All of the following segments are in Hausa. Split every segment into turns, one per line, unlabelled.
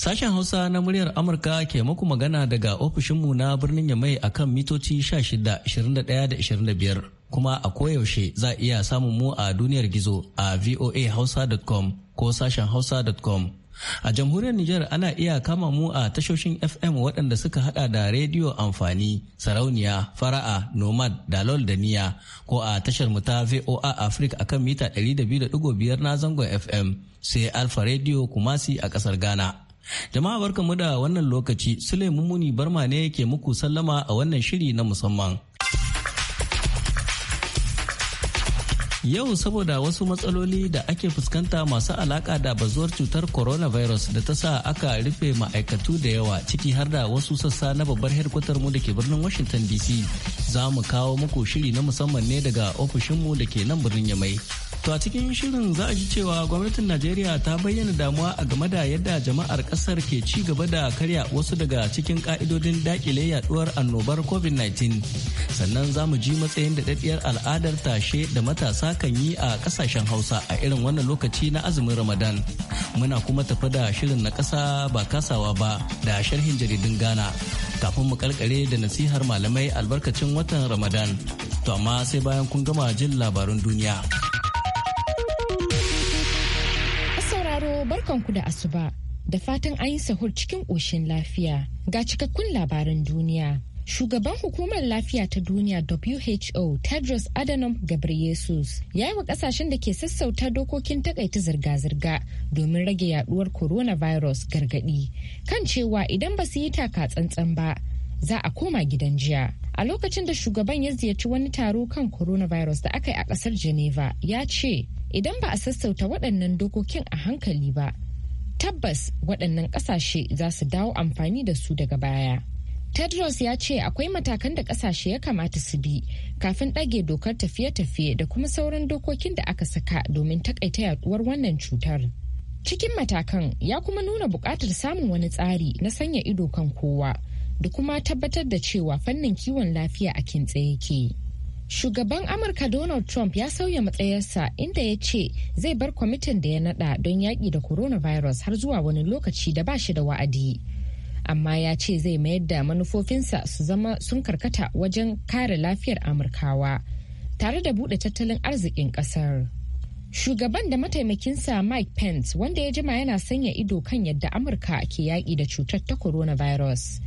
Sashen Hausa na muryar Amurka ke muku magana daga ofishinmu na birnin Yamai akan mitoci 16, 25 kuma a koyaushe za a iya samun mu a duniyar gizo a voahausa.com ko sashen hausa.com. A jamhuriyar Nijar ana iya kama mu a tashoshin FM waɗanda suka hada da rediyo amfani, sarauniya, fara'a, nomad, dalol da niya ko a tashar mu ta VOA Africa akan mita 200.5 na zangon FM sai Alfa Radio Kumasi a ƙasar Ghana. Jama'a mu da wannan lokaci Suleiman Muni Barma ne ke muku sallama a wannan shiri na musamman. Yau saboda wasu matsaloli da ake fuskanta masu alaƙa da bazuwar cutar coronavirus da ta sa aka rufe ma'aikatu da yawa ciki har da wasu sassa na babbar herkwatar mu da ke birnin Washington DC za mu kawo muku shiri na musamman ne daga ofishinmu da ke nan birnin Yamai. To a cikin shirin za a ji cewa gwamnatin Najeriya ta bayyana damuwa a game da yadda jama'ar kasar ke ci gaba da karya wasu daga cikin ka'idodin dakile yaduwar annobar COVID-19. Sannan za mu ji matsayin da daɗiyar al'adar tashe da matasa kan yi a ƙasashen Hausa a irin wannan lokaci na azumin Ramadan. Muna kuma tafi da shirin na ƙasa ba kasawa ba da sharhin jaridun Ghana. Kafin mu karkare da nasihar malamai albarkacin watan Ramadan. To amma sai bayan kun gama jin labarun duniya.
sauraro barkanku da asuba da fatan an yi sahur cikin ƙoshin lafiya ga cikakkun labaran duniya. Shugaban hukumar lafiya ta duniya WHO Tedros Adhanom Ghebreyesus ya yi wa kasashen da ke sassauta dokokin takaita zirga-zirga domin rage yaduwar coronavirus gargadi kan cewa idan ba su yi taka tsantsan ba za a koma gidan jiya. A lokacin da shugaban ya ziyarci wani taro kan coronavirus da aka yi a kasar Geneva ya ce idan ba a sassauta waɗannan dokokin a hankali ba tabbas waɗannan ƙasashe za su dawo amfani da su daga baya tedros ya ce akwai matakan da ƙasashe ya kamata su bi kafin ɗage dokar tafiye-tafiye da kuma sauran dokokin da aka saka domin taƙaita yaduwar wannan cutar cikin matakan ya kuma nuna buƙatar samun wani tsari na sanya ido kan kowa da kuma tabbatar da cewa fannin kiwon lafiya a kintse yake. Shugaban Amurka Donald Trump ya sauya matsayarsa inda ya ce zai bar kwamitin da ya nada don yaƙi da coronavirus har zuwa wani lokaci da ba shi da wa'adi. Amma ya ce zai mayar da manufofinsa su zama sun karkata wajen kare lafiyar Amurkawa tare da buɗe tattalin arzikin ƙasar. Shugaban da mataimakinsa Mike Pence wanda ya jima yana sanya ido kan yadda Amurka ke yaƙi da cutar ta coronavirus.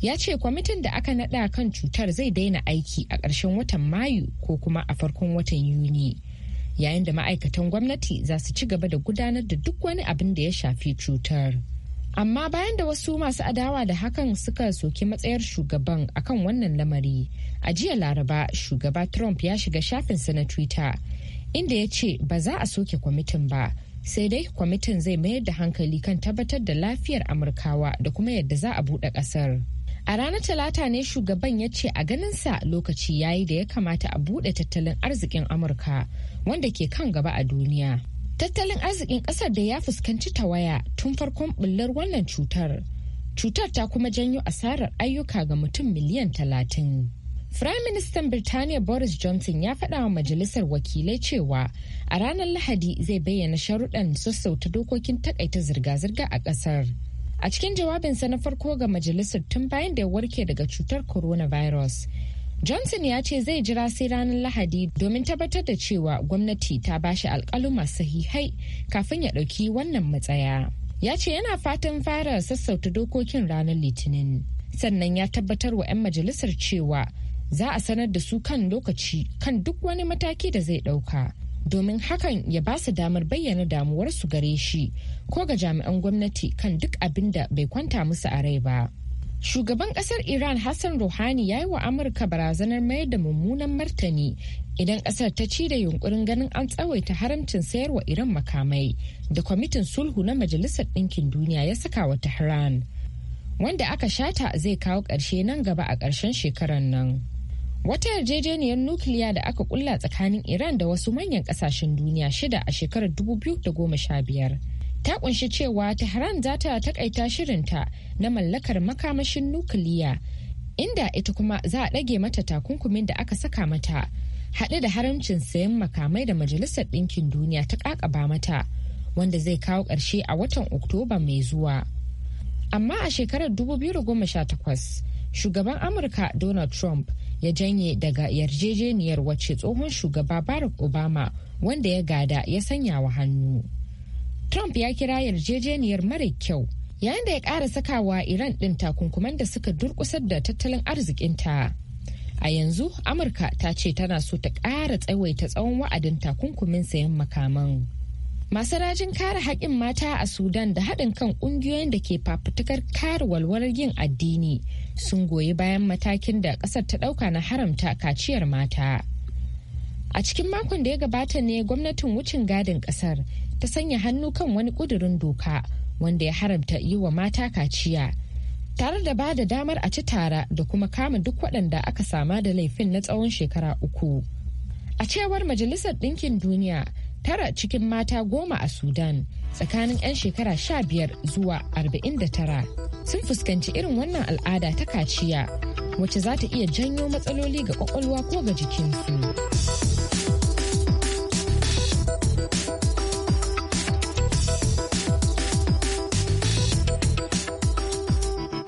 Ya ce kwamitin da aka naɗa kan cutar zai daina aiki a ƙarshen watan Mayu ko kuma a farkon watan Yuni. Yayin da ma'aikatan gwamnati za su ci gaba da gudanar da duk wani abin da ya shafi cutar. Amma bayan da wasu masu adawa da hakan suka soki matsayar shugaban akan wannan lamari, a jiya Laraba shugaba Trump ya shiga shafinsa na Twitter inda ya ce ba za a soke kwamitin ba sai dai kwamitin zai mayar da hankali kan tabbatar da lafiyar amurkawa da kuma yadda za a buɗe ƙasar a ranar talata ne shugaban ya ce a ganin sa lokaci yayi da ya kamata a buɗe tattalin arzikin amurka wanda ke kan gaba a duniya tattalin arzikin ƙasar da ya fuskanci tawaya tun farkon bullar wannan cutar cutar ta kuma janyo asarar ayyuka ga mutum miliyan talatin. Firaministan Birtaniya Boris Johnson ya faɗa wa Majalisar Wakilai cewa a ranar Lahadi zai bayyana sharuɗan sassauta dokokin takaita zirga-zirga a ƙasar. A cikin jawabinsa na farko ga majalisar tun bayan da ya warke daga cutar coronavirus. Johnson ya ce zai jira sai ranar Lahadi domin tabbatar da cewa gwamnati ta bashi alƙaluma sahihai kafin ya ɗauki wannan matsaya. Ya ce yana fatan fara sassauta dokokin ranar Litinin. sannan ya tabbatar wa 'yan majalisar cewa za a sanar da su kan lokaci kan duk wani mataki da zai ɗauka domin hakan ya ba su damar bayyana damuwarsu gare shi ko ga jami'an gwamnati kan duk abin da bai kwanta musu a rai ba. Shugaban kasar Iran Hassan Rouhani ya yi wa Amurka barazanar mayar da mummunan martani idan kasar ta ci da yunkurin ganin an tsawaita haramcin sayarwa Iran makamai da kwamitin sulhu na Majalisar Ɗinkin Duniya ya saka wa Tehran. Wanda aka shata zai kawo ƙarshe nan gaba a ƙarshen shekarar nan. Wata yarjejeniyar nukiliya da aka kulla tsakanin Iran da wasu manyan kasashen duniya shida a shekarar 2015 ta kunshi cewa Tehran za ta takaita shirinta na mallakar makamashin nukiliya inda ita kuma za a ɗage mata takunkumin da aka saka mata haɗe da haramcin sayan makamai da Majalisar Ɗinkin Duniya ta ƙaƙaba mata wanda zai kawo ƙarshe a watan Oktoba mai zuwa. Amma a shekarar 2018 shugaban Amurka Donald Trump ya janye daga yarjejeniyar wacce tsohon shugaba barack obama wanda ya gada ya sanya wa hannu trump ya kira yarjejeniyar mara kyau yayin da ya ƙara sakawa iran ɗin takunkuman da suka durƙusar da tattalin arzikinta a yanzu amurka ta ce tana so ta ƙara tsawaita tsawon wa'adin takunkumin sayan makaman masu rajin kare haƙƙin mata a sudan da haɗin kan ƙungiyoyin da ke fafutukar kare walwalar yin addini sun goyi bayan matakin da ƙasar ta ɗauka na haramta kaciyar mata a cikin makon da ya gabata ne gwamnatin wucin gadin ƙasar ta sanya hannu kan wani ƙudurin doka wanda ya haramta yi wa mata kaciya tare da ba da damar a ci tara da kuma kama duk waɗanda aka sama da laifin na tsawon shekara uku a cewar majalisar ɗinkin duniya tara cikin mata goma a Sudan tsakanin 'yan shekara sha biyar zuwa arba'in da tara sun fuskanci irin wannan al'ada ta kaciya wacce za ta iya janyo matsaloli ga kwakwalwa ko ga jikinsu.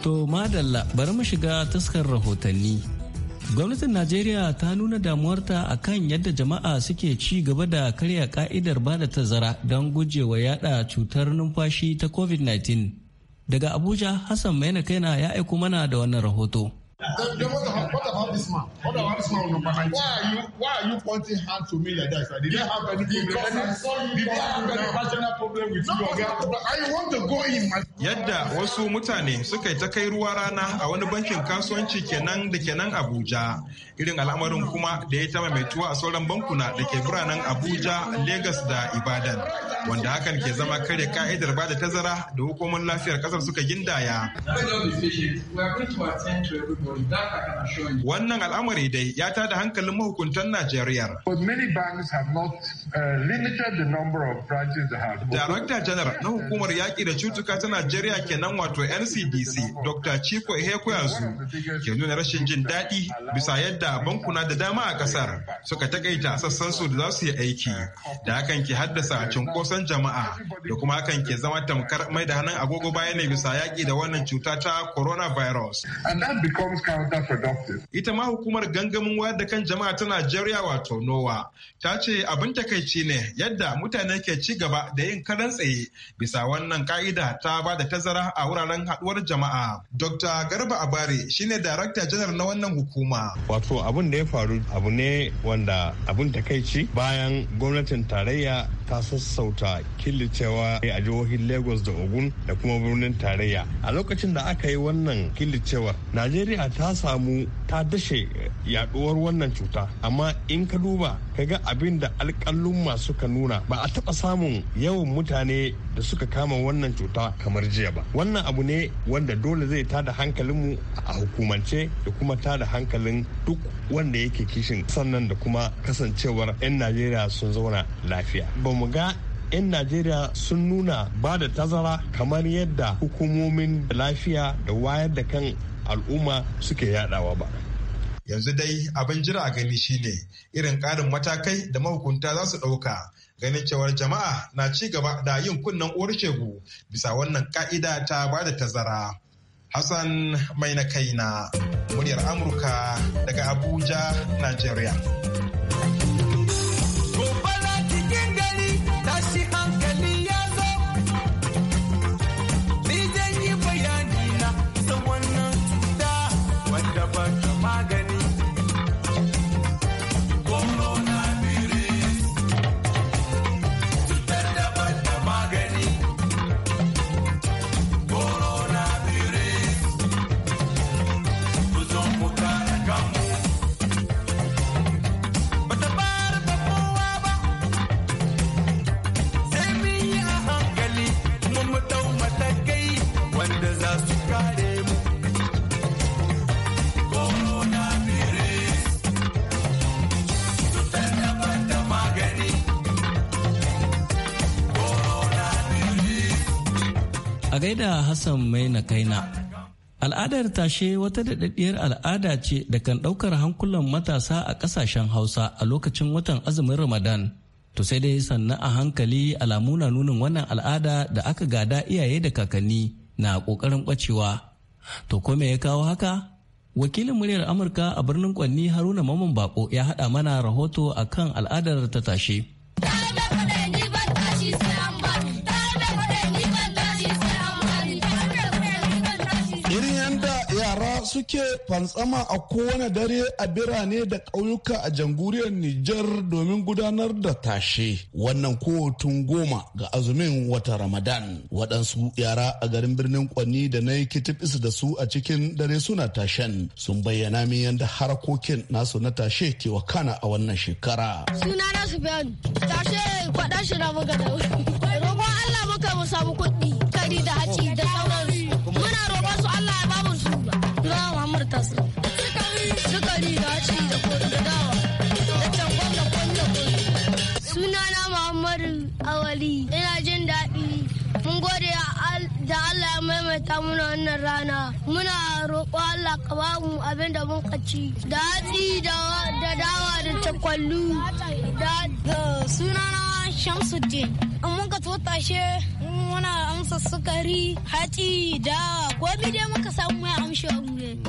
To madalla bari mu shiga taskar rahotanni. Gwamnatin Najeriya ta nuna damuwarta a kan yadda jama'a suke ci gaba da karya ka'idar bada tazara don gujewa yada cutar numfashi ta COVID-19. Daga Abuja, Hassan Maina Kaina ya aiko mana da wannan rahoto.
What about this man? What about this man on number 19? Why are you
why are you pointing hand to me like that? Sir? Did they have any problem? Because I saw did they have any personal problem with no, you? I want to go in.
Yadda wasu mutane suka yi ta kai ruwa rana a wani bankin kasuwanci kenan da kenan Abuja. Irin al'amarin kuma da ya taba mai tuwa a sauran bankuna da ke biranen Abuja, Legas da Ibadan. Wanda hakan ke zama kare ka'idar ba da tazara da hukumar lafiyar kasar suka gindaya. Let us be patient. We are going to attend to everybody. That I can assure Wannan al'amari dai ya ta da hankalin mahukuntan Najeriya. Uh, Darakta Janar na hukumar yaƙi da cutuka ta Najeriya kenan wato NCDC Dr. Chiko Ehekweazu ke nuna rashin jin daɗi bisa yadda bankuna da dama a ƙasar suka takaita sassan su da za su yi aiki da hakan ke haddasa cunkoson jama'a da kuma hakan ke zama tamkar mai da hannun agogo baya ne bisa yaƙi da wannan cuta ta coronavirus. And that becomes counterproductive. Ita ma hukumar gangamin wayar da kan jama'a ta Najeriya wato NOWA ta ce abin takaici ne yadda mutane ke ci gaba da yin karan tsaye bisa wannan ka'ida ta ba da tazara a wuraren haduwar jama'a. Dr. Garba Abare shine Darakta Janar na wannan hukuma. Wato abin da ya faru abu ne wanda abin takaici bayan gwamnatin tarayya ta sassauta killacewa a jihohin Lagos da Ogun da kuma birnin tarayya. A lokacin da aka yi wannan killicewar, Najeriya ta samu ta dashe yaduwar wannan cuta amma in ka duba ka ga abin da alkalun masu ka nuna ba a taɓa samun yawan mutane da suka kama wannan cuta kamar jiya ba wannan abu ne wanda dole zai tada hankalinmu a hukumance da kuma tada hankalin duk wanda yake kishin sannan da kuma kasancewar 'yan najeriya sun zauna lafiya ba mu ga 'yan najeriya sun nuna ba da tazara kamar yadda hukumomin lafiya da wayar da kan al'umma suke yadawa ba yanzu dai abin jira a gani shine irin ƙarin matakai da mahukunta za su ɗauka ganin cewar jama'a na ci gaba da yin kunnen uwar shegu bisa wannan ka'ida ta ba da tazara hassan mai na kaina muryar amurka daga abuja Najeriya.
da Hassan mai Maina Kaina. Al'adar tashe wata daɗaɗɗiyar al'ada ce da kan ɗaukar hankulan matasa a ƙasashen Hausa a lokacin watan azumin Ramadan. To sai dai sannan a hankali alamu na nunin wannan al'ada da aka gada iyaye da kakanni na ƙoƙarin ɓacewa. To ko me ya kawo haka? Wakilin muryar Amurka a birnin Kwanni Haruna Maman Bako ya haɗa mana rahoto akan al'adar ta tashe.
suke fantsama a kowane dare a birane da ƙauyuka a jamhuriyar Nijar domin gudanar da tashe wannan kotun goma ga azumin wata Ramadan. Waɗansu yara a garin birnin Kwanni da na yi kitifis da su a cikin dare suna tashen sun bayyana min yadda harkokin nasu na tashe ke wakana a wannan shekara.
Suna na su
tashe kwaɗa shi na muka da Allah muka mu samu kuɗi kari da haci hankali ina jin daɗi mun gode da Allah ya maimaita muna wannan rana muna roƙo Allah ka ba mu abin da mun kaci da hatsi da dawa da cakwallu da sunana Shamsuddin in muka tashe muna amsa sukari hatsi dawa komi dai muka samu mai amshi wa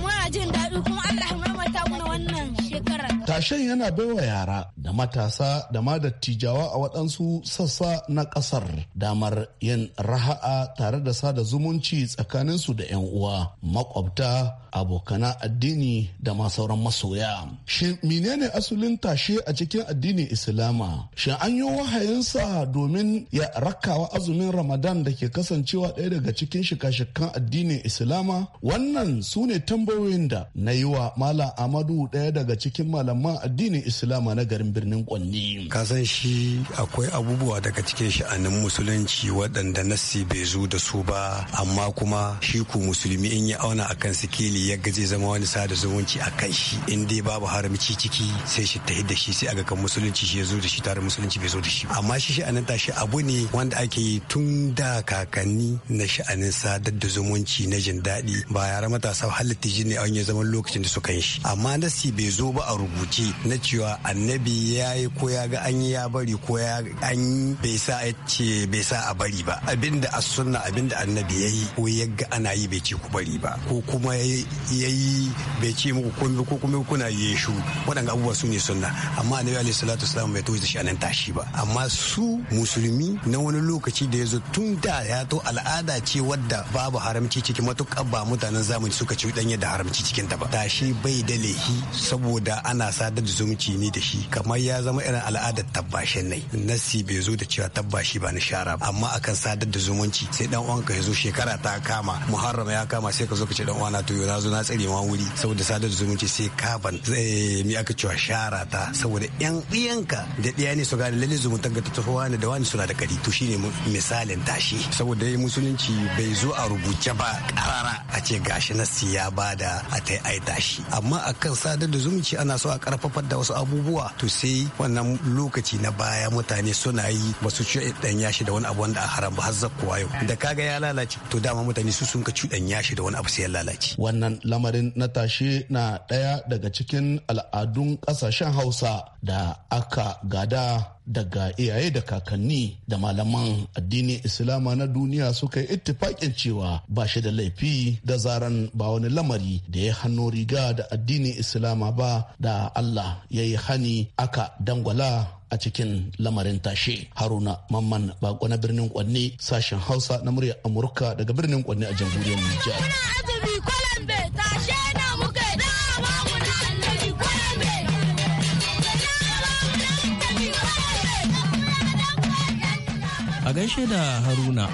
muna jin daɗi kuma Allah
ya maimaita muna wannan shekarar
Tashen yana baiwa yara da matasa da ma dattijawa a waɗansu sassa na ƙasar damar yin raha'a tare da sada zumunci tsakaninsu da 'yan uwa, makwabta, abokana addini da ma sauran masoya. Shin menene asulin tashe a cikin addinin Islama? Shin an yi wahayinsa domin ya rakawa azumin Ramadan da ke kasancewa ɗaya daga cikin shika-shikan addinin Islama? Wannan su ne tambayoyin da na yi wa Malam Amadu ɗaya daga cikin malamai malaman addinin islama na garin birnin kwanni kasan
shi akwai abubuwa daga cikin sha'anin musulunci waɗanda nassi bai zo da su ba amma kuma shi ku musulmi in ya auna akan sikili ya gaje zama wani sada zumunci a kan shi in dai babu haramci ciki sai shi tahi da shi sai aga kan musulunci shi ya zo da shi tare musulunci bai zo da shi amma shi sha'anin tashi abu ne wanda ake yi tun da kakanni na sha'anin sadar da zumunci na jin daɗi ba yara matasa halitta ne a wani zaman lokacin da suka yi shi amma nassi bai zo ba a rubuce hukunci na cewa annabi ya yi ko ya ga an yi ya bari ko ya an bai sa a ce bai sa a bari ba abinda a sunna abinda annabi ya yi ko ya ga ana yi bai ce ku bari ba ko kuma ya yi bai ce muku komai ko kuma kuna yi shu waɗanda abubuwa su ne sunna amma annabi alaihi salatu wasalam bai tozo shi anan tashi ba amma su musulmi na wani lokaci da ya zo tun da ya to al'ada ce wadda babu haramci ciki matuƙar ba mutanen zamani suka ci ɗanye da haramci cikin ta ba tashi bai da lehi saboda ana sa sadar da zumunci ni da shi kamar ya zama irin al'adar tabbashin nai nasi bai zo da cewa tabbashi ba na shara ba amma akan sadar da zumunci sai dan uwanka ya zo shekara ta kama muharram ya kama sai ka zo ka ce dan uwana to yau na zo na tsare ma wuri saboda sadar da zumunci sai ban eh, mi aka cewa shara ta saboda yan ka da ɗaya ne su gane lalle zumuntar ga ta wani da wani suna da kari to shine misalin tashi saboda musulunci bai zo a rubuce ba karara a ce gashi nasi ya bada a ta ai tashi amma akan sadar da zumunci ana so a karfafar da wasu abubuwa to sai wannan lokaci na baya mutane suna yi ba su ci dan yashi da wani abu wanda a haram ba har zakkuwa yau da kaga ya lalace to dama mutane su sun ka ci dan yashi da wani abu sai ya lalace
wannan lamarin na tashe na ɗaya daga cikin al'adun kasashen Hausa da aka gada daga iyaye da kakanni da malaman addinin islama na duniya suka yi ittifakin cewa ba shi da laifi da zaran ba wani lamari da ya hannu riga da addinin islama ba da allah ya yi hani aka dangwala a cikin lamarin tashe haruna mamman bako na birnin kwanne sashen hausa na murya amurka daga birnin kwanne a jamhuriyar nijar
gaishe da Haruna.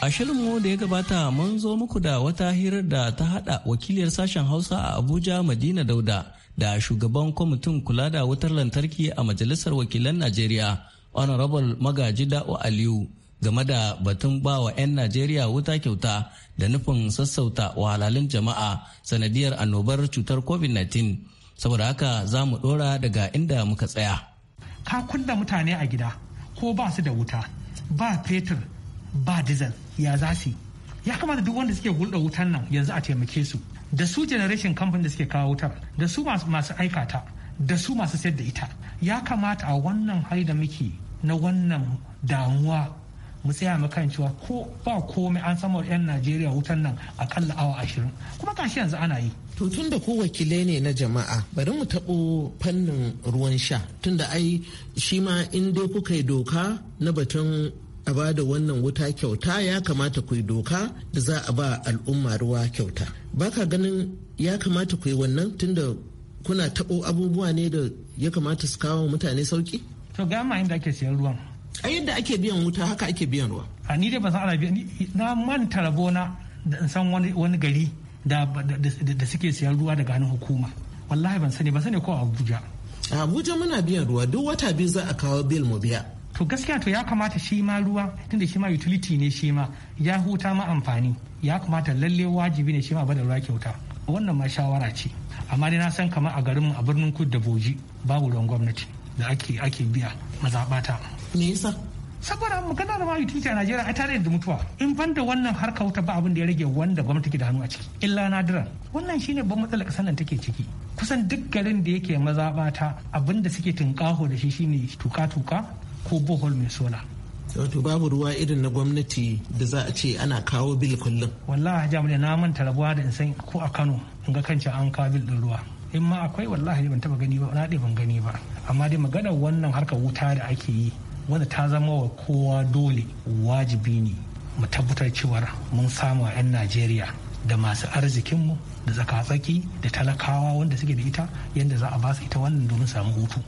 A shirinmu da ya gabata mun zo muku da wata hirar da ta hada wakiliyar sashen Hausa a Abuja Madina Dauda da shugaban kwamitin kula da wutar lantarki a Majalisar Wakilan Najeriya, Honorable Magaji Da'o Aliyu, game da batun bawa 'yan Najeriya wuta kyauta da nufin sassauta wahalhalun jama'a sanadiyar annobar cutar COVID-19. Saboda haka za mu dora daga inda muka tsaya.
Ka kunna mutane a gida ko ba su da wuta. ba fetur ba dizal ya za su ya kamata duk wanda suke hulɗa wutan nan yanzu a taimake su da su generation kamfanin da suke kawo wutar da su masu aikata da su masu sayar da ita ya kamata a wannan hali da muke na wannan damuwa mu tsaya mu kan cewa ko ba komai an samar 'yan najeriya wutan nan a akalla awa ashirin kuma kashi yanzu ana yi to tun da ko wakilai ne na jama'a bari mu taɓo fannin ruwan sha tun da ai shi ma in dai kuka yi doka na batun a ba da wannan wuta kyauta ya kamata ku yi doka da za a ba al'umma ruwa kyauta baka ganin ya kamata ku yi wannan da kuna taɓo abubuwa ne da ya kamata su kawo mutane sauki to ga inda ake siyan ruwan a yadda ake biyan wuta haka ake biyan ruwa a ni dai ba san ana biyan na manta rabona da san wani gari da suke siyan ruwa daga hannun hukuma wallahi ban sani ban sani ko abuja a abuja muna biyan ruwa duk wata biyu za a kawo bil mu biya to gaskiya to ya kamata shi ma ruwa tunda shi ma utility ne shi ma ya huta ma amfani ya kamata lalle wajibi ne shi ma bada ruwa kyauta wannan ma shawara ce amma dai na san kamar a garinmu a birnin kudu da boji babu ruwan gwamnati da ake biya mazaɓata me yasa saboda da ma a Najeriya a tare da mutuwa in ban da wannan harkar wuta ba abin da ya rage wanda gwamnati ke da hannu a ciki illa na nadira wannan shine ban matsalar kasar nan take ciki kusan duk garin da yake maza mazabata abin da suke tunkaho da shi shine tuka-tuka ko bohol mai sola wato babu ruwa irin na gwamnati da za a ce ana kawo bil kullum wallahi jami'a na manta rabuwa da in san ko a Kano in ga kanci an kawo bil din ruwa in ma akwai wallahi ban taba gani ba na ban gani ba amma dai maganar wannan harkar wuta da ake yi wanda ta zama wa kowa dole wajibi ne mu tabbatar cewar mun samu a 'yan najeriya da masu arzikinmu da tsakatsaki da talakawa wanda suke da ita yadda za a ba su ita wannan domin samu hutu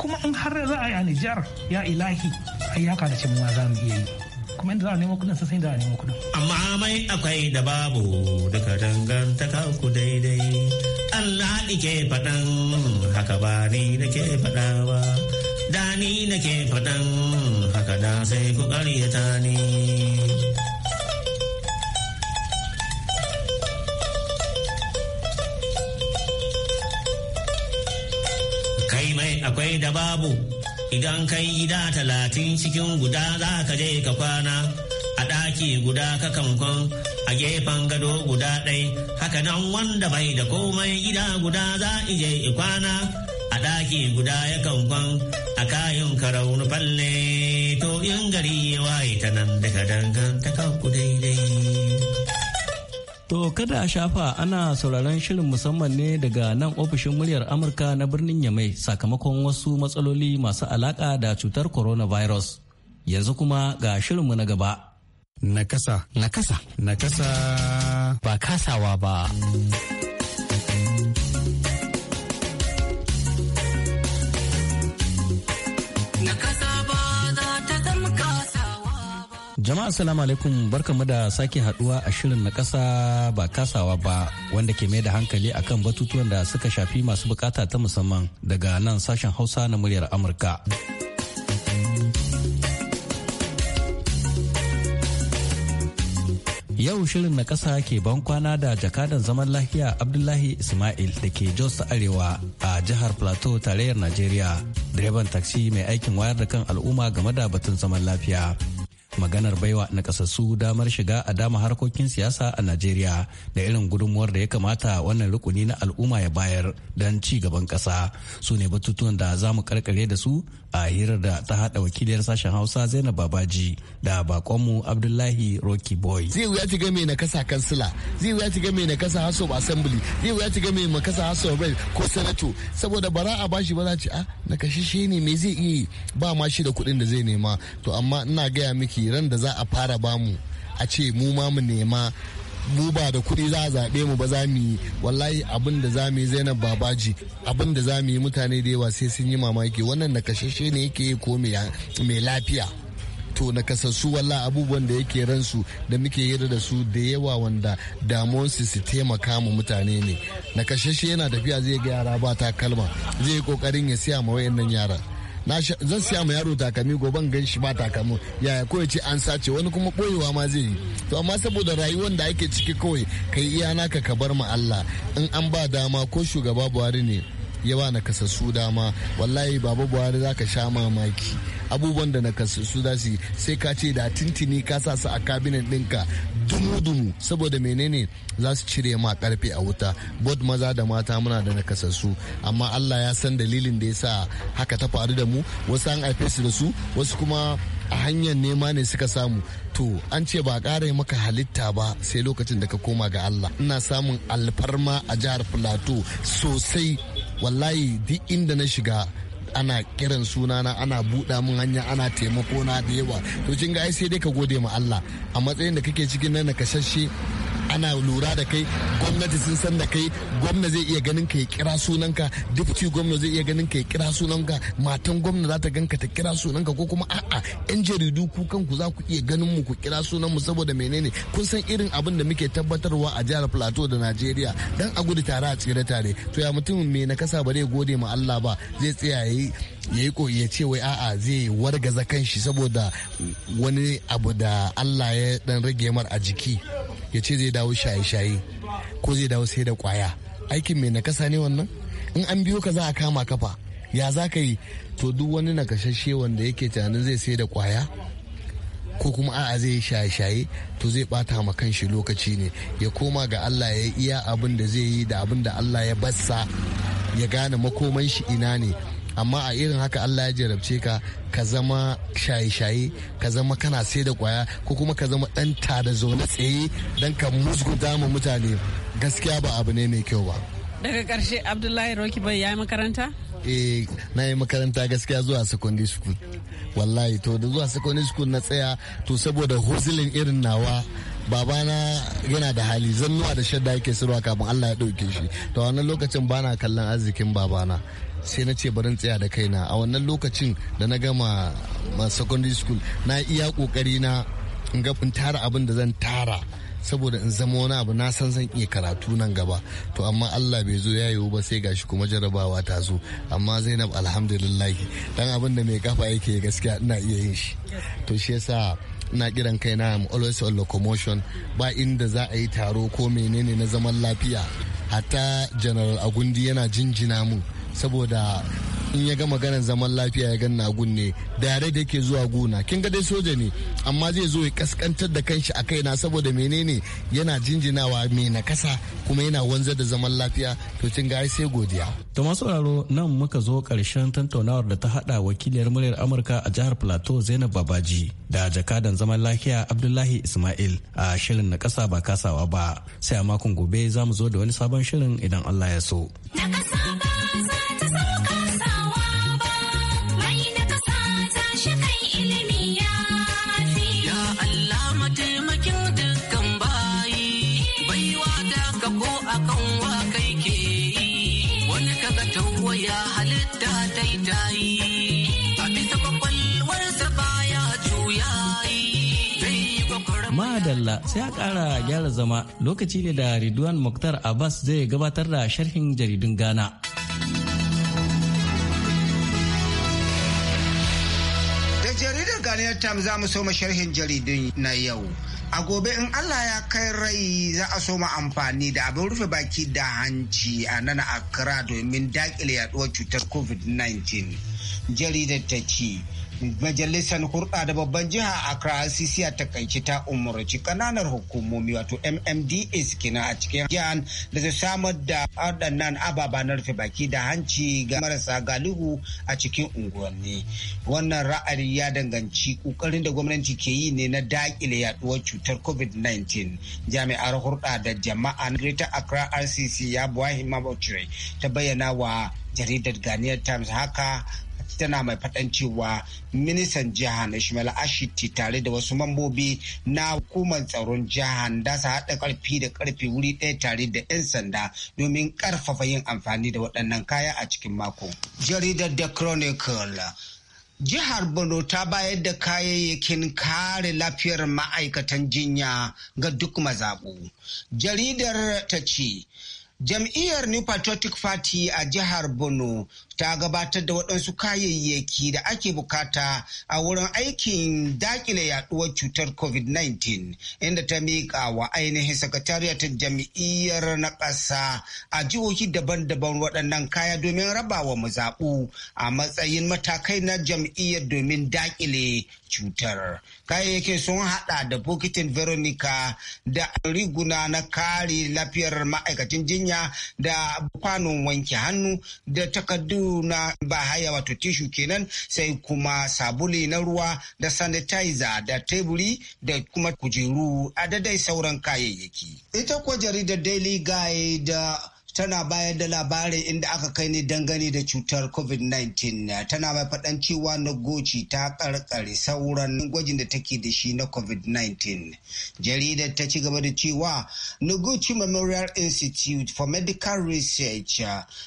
kuma in har za a yi a nijar ya ilahi ai ya kada cewa za mu iya yi kuma inda za a nemo kudin sai da a nemo kudin
amma mai akwai da babu daga dangantaka ku daidai Allah ke faɗan haka ba ni da faɗa ba ni nake faɗan haka da sai ku ƙaryata ni. Kai mai akwai da babu idan kai gida talatin cikin guda za ka je ka kwana a ɗaki guda ka kankon a gefen gado guda ɗai nan wanda bai da komai gida guda za ije kwana a ɗaki guda ya kankon a kayan karaunu falle to 'yan gari ya waye ta nan daga dangantakan ku daidai. To kada a shafa ana sauraron shirin musamman ne daga nan ofishin muryar Amurka na birnin Yamai sakamakon wasu matsaloli masu alaƙa da cutar coronavirus. Yanzu kuma ga shirinmu na gaba. Nakasa. Nakasa. Nakasa. Ba kasawa ba. Jama'a salamu alaikum barkamu da sake haduwa a shirin na kasa ba kasawa ba wanda ke mai da hankali akan batutuwan da suka shafi masu bukata ta musamman daga nan sashen hausa na muryar Amurka. Yau shirin na kasa ke ban kwana da jakadan zaman lafiya Abdullahi Ismail da ke Jos Arewa a jihar plateau tarayyar najeriya direban taksi mai aikin wayar da kan al'umma game da batun zaman lafiya maganar baiwa nakasassu damar shiga a dama harkokin siyasa a najeriya da irin gudunmuwar da ya kamata wannan rukuni na al'umma ya bayar don ci gaban ƙasa su ne batutuwan da za mu karkare da su a hirar da
ta haɗa wakiliyar sashen hausa zainab babaji da bakonmu abdullahi rocky boy zai wuya ci game na kasa kansila zai wuya ci game na kasa haso assembly zai wuya ci game na kasa haso ko senato saboda bara a bashi ba za ci a na shi ah, ne me zai iya ba ma shi da kuɗin da zai nema to amma ina gaya miki ciki da za a fara bamu a ce mu ma mu nema mu ba da kuɗi za a zaɓe mu ba za mu yi wallahi abin da za mu yi zainab babaji abin da za mu yi mutane da yawa sai sun yi mamaki wannan kashashe ne yake yi ko mai lafiya to na nakasassu walla abubuwan da yake ransu da muke yi da su da yawa wanda damuwarsu su taimaka mu mutane ne nakashashe yana tafiya zai ga yara ba ta kalma zai yi kokarin ya siya ma wayannan yaran zan siya ma yaro takalmi goban gan shi ba takalmi yaya ko ce an sace wani kuma boyewa ma zai yi to amma saboda rayuwar da ake ciki kawai kai iya naka ka bar ma Allah in an ba dama ko shugaba Buhari ne ya ba nakasassu dama wallahi baba buhari za ka sha mamaki abubuwan da nakasassu za su sai ka ce da tintini ka sa su a kabinet ɗinka dumu-dumu saboda menene za su cire ma karfe a wuta bod maza da mata muna da nakasassu amma allah ya san dalilin da ya sa haka ta faru da mu wasu an haife su da su wasu kuma a hanyar nema ne suka samu to an ce ba ƙara maka halitta ba sai lokacin da ka koma ga Allah ina samun alfarma a jihar Plateau sosai wallahi duk inda na shiga ana kiran sunana ana buɗa mun hanya ana taimako na da yawa to kin ga ai sai dai ka gode ma Allah a matsayin da kake cikin nan na kasashe ana lura da kai gwamnati sun san da kai gwamna zai iya ganin ka ya kira sunanka dipti gwamna zai iya ganin ka ya kira sunanka matan gwamna za ta ganka ta kira sunanka ko kuma a'a yan jaridu ku kanku za ku iya ganin mu ku kira sunan mu saboda menene kun san irin abin da muke tabbatarwa a jihar plateau da najeriya dan a gudu tare a tsere tare to ya mutum me na kasa ba zai gode ma allah ba zai tsaya ya yi ya ce wai a'a zai wargaza kanshi saboda wani abu da Allah ya dan rage mar a jiki ya ce zai dawo shaye-shaye ko zai dawo sai da kwaya aikin mai nakasa ne wannan in an biyo ka za a kama kafa ya za ka yi to duk wani nakasashe wanda yake tunanin zai sai da kwaya ko kuma a'a zai shaye-shaye to zai bata ma kanshi lokaci ne ya koma ga Allah ya iya abin da zai yi da abin da Allah ya bassa ya gane makoman shi ina ne amma a irin haka Allah ya jarabce ka ka zama shaye-shaye ka zama kana sai da kwaya ko kuma ka zama dan tada zaune tsaye don ka musguta mu mutane gaskiya ba abu ne mai kyau ba
daga karshe
abdullahi roki bai ya makaranta
eh na yi makaranta gaskiya zuwa secondary school wallahi to da zuwa secondary school na tsaya to saboda huzulin irin nawa babana yana da hali zannuwa da shadda yake sirwa kafin Allah ya ɗauke shi to wannan lokacin bana kallon arzikin babana sai na ce barin tsaya da kaina a wannan lokacin da na gama ma secondary school na iya kokari na in tara abin da zan tara saboda in zama wani abu na san zan iya karatu nan gaba to amma Allah bai zo ya yiwu ba sai gashi kuma jarabawa ta zo amma Zainab alhamdulillah dan abin da mai kafa yake gaskiya ina iya yin shi to shi yasa ina kiran kaina I'm always on locomotion ba inda za a yi taro ko menene na zaman lafiya hatta general agundi yana jinjina mu saboda in ya ga maganar zaman lafiya ya ganna nagun ne dare da yake zuwa gona kin ga dai soja ne amma zai zo ya kaskantar da kanshi a kaina saboda menene yana jinjinawa mai nakasa kuma yana wanzar da zaman lafiya to kin ga sai godiya
to masu sauraro nan muka zo karshen tantaunawar da ta hada wakiliyar muryar Amurka a jihar Plateau Zainab Babaji da jakadan zaman lafiya Abdullahi Ismail a shirin na kasa ba kasawa ba sai a makon gobe za mu zo da wani sabon shirin idan Allah ya so. Allah sai a ƙara gyara zama lokaci ne da Ridwan Mukhtar Abbas zai gabatar da sharhin jaridun Ghana.
Da jaridar Ghanaian Times za mu so sharhin jaridun na yau. a gobe in Allah ya kai rai za a soma amfani da abin rufe baki da hanci a nan Accra domin dakile yaduwar cutar COVID-19. Jaridar ta ci. majalisar hurɗa da babban jiha Accra CCA ta kaici ta umarci kananan hukumomi wato MMDAs a cikin jihar da su samar da waɗannan ababa na rufe baki da hanci ga marasa galihu a cikin unguwanni. Wannan ra'ayi ya danganci ƙoƙarin da gwamnati ke yi ne na daƙile yaɗuwar cutar COVID-19. Jami'ar hurɗa da jama'a na Greater Accra RCC ya buwa himma ta bayyana wa jaridar Ghanaian Times haka tana mai faɗan cewa ministan jiha na shimal ashiti tare da wasu mambobi na hukumar tsaron jihar da su haɗa ƙarfi da ƙarfi wuri ɗaya tare da 'yan sanda domin ƙarfafa yin amfani da waɗannan kaya a cikin mako. Jaridar The Chronicle Jihar Borno ta bayar da kayayyakin kare lafiyar ma'aikatan jinya ga duk mazaɓu. Jaridar ta ce, Jam'iyyar New Patriotic Party a jihar Borno ta gabatar da waɗansu kayayyaki da ake bukata a wurin aikin dakile yaɗuwar cutar COVID-19 inda ta miƙa wa ainihin ta jam'iyyar na ƙasa a jihohi daban-daban waɗannan kaya domin rabawa zaɓu a matsayin matakai na jam'iyyar domin dakile cutar. kayayyakin sun hada da bokitin veronica da riguna na kare lafiyar ma'aikacin jinya da kwanon wanke hannu da takardu na bahaya wato tishu kenan sai kuma sabuli na ruwa da sanitizer da teburi da kuma kujeru a dadai sauran kayayyaki ita kuwa jaridar daily guide tana bayar da labarin inda aka kai ne dangane da cutar covid-19 tana mai faɗan cewa na goci ta karkare sauran gwajin da take da shi na covid-19 jaridar ta ci gaba da cewa noguchi memorial institute for medical research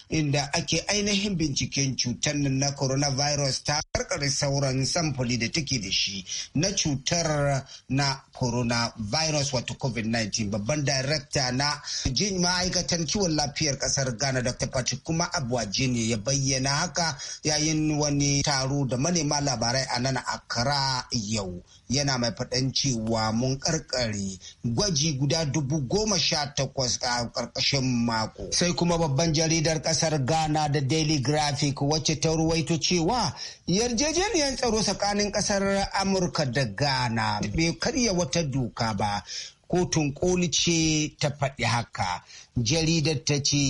inda ake ainihin binciken cutar na coronavirus ta karkare sauran samfuli da take da shi na cutar na coronavirus wato covid-19 babban darakta na jin ma'aikatan kiwon lafiya lafiyar kasar ghana dr patrick kuma abuwaje ne ya bayyana haka yayin wani taro da manema labarai a nan akara yau yana mai faɗan cewa mun karkare gwaji guda dubu goma sha takwas a karkashin mako sai kuma babban jaridar kasar ghana da daily graphic wacce ta ruwaito cewa yarjejeniyar tsaro tsakanin kasar amurka da ghana bai karya wata doka ba kotun koli ce ta faɗi haka jaridar ta ce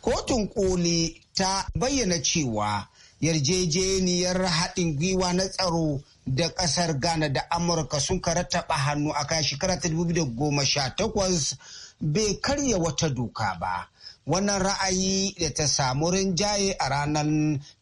kotun koli ta bayyana cewa yarjejeniyar haɗin gwiwa na tsaro da ƙasar ghana da amurka sun karattaba hannu a kan shekara 2018 bai karya wata doka ba wannan ra'ayi da ta samu rinjaye a ranar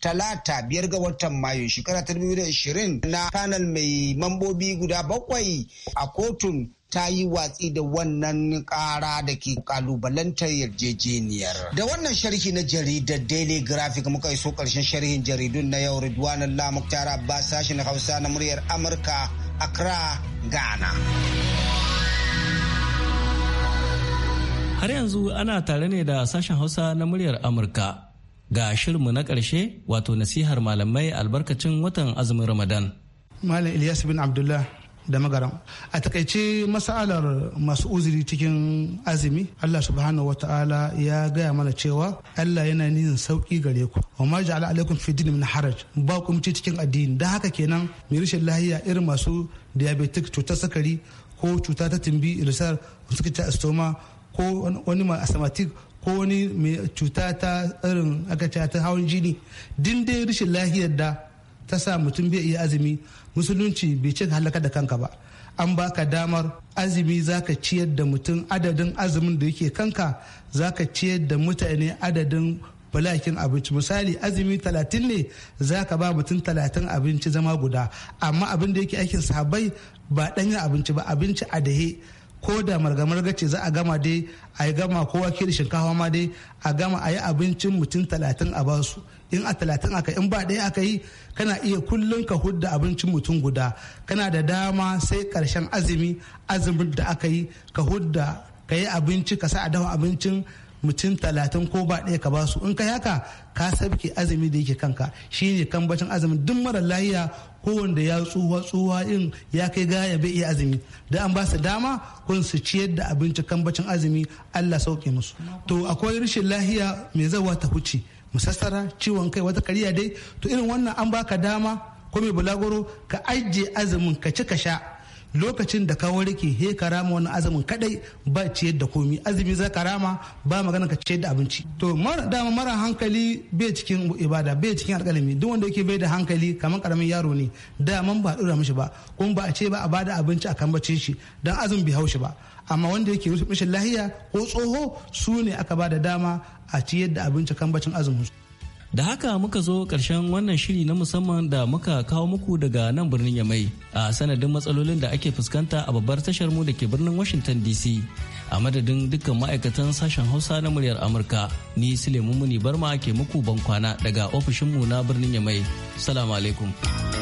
talata biyar ga watan mayu shekara ta ashirin na panel mai mambobi guda bakwai a kotun ta yi watsi da wannan kara da ke kalubalantar yarjejeniyar. Da wannan sharhi na jaridar Daily Graphic muka iso karshen sharhin jaridun na yau Ridwan Allah tara sashen Hausa na muryar Amurka Accra, Ghana.
Har yanzu ana tare ne da sashen Hausa na muryar Amurka. Ga shirinmu na ƙarshe wato nasihar malamai albarkacin watan azumin
Ramadan. Malam Ilyas bin Abdullah da magaram. A takaice masalar masu uzuri cikin azumi, Allah subhanahu wata'ala ya gaya mana cewa Allah yana nihin sauki gare ku. Wa ma ja'ala alaikum fi din min haraj. Ba ku cikin addini. Da haka kenan mai rashin lahiya irin masu diabetic cutar sakari ko cuta ta timbi irisar suka ta stoma ko wani ma asamatik ko wani mai cuta ta irin aka ce ta hawan jini din dai rashin lahiyar da ta sa mutum bai iya azumi musulunci bai ce halaka da kanka ba an baka damar azumi zaka ciyar da mutum adadin azumin da yake kanka zaka ciyar da mutane adadin bulakin abinci misali azumi talatin ne zaka ba mutum talatin abinci zama guda amma abin da yake aikin sabai ba ɗanyen abinci ba abinci a dahe ko da margamar ce za a gama dai a yi gama ko ke da shinkafa ma dai a gama a yi abincin mutum talatin a basu in a talatin aka in ba ɗaya aka yi kana iya kullum ka hudda abincin mutum guda kana da dama sai karshen azumi azumin da aka yi ka hudda ka yi abinci ka sa a dafa abincin mutum talatin ko ba ɗaya ka ba su in ka haka ka sabke azumi da yake kanka shine kambacin azumin duk mara lahiya ko wanda ya tsuwa tsuwa in ya kai gaya bai iya azumi da an ba su dama kun su ciyar da abinci kambacin azumi Allah sauke musu to akwai rashin lahiya mai zawa ta huce musassara ciwon kai wata kariya dai to irin wannan an baka dama ko mai bulagoro ka ajiye azumin ka ci ka sha lokacin da ka warke he rama wani azumin kadai ba ciyar da komi azumi za karama ba magana ka ciyar da abinci to dama mara hankali bai cikin ibada bai cikin alƙalami duk wanda yake bai da hankali kamar karamin yaro ne dama ba dora mishi ba kuma ba a ce ba a bada abinci a kambace shi dan azumi bai haushi ba amma wanda yake rashin lahiya ko tsoho su ne aka ba da dama a ciyar da abinci kambacin azumin su
Da haka muka zo ƙarshen wannan shiri na musamman da muka kawo muku daga nan birnin Yamai a sanadin matsalolin da ake fuskanta a babbar tashar mu da ke birnin Washington DC. A madadin dukkan ma'aikatan sashen Hausa na muryar Amurka, ni sule Muni Barma ke muku bankwana daga ofishinmu na birnin Yamai. Salamu alaikum.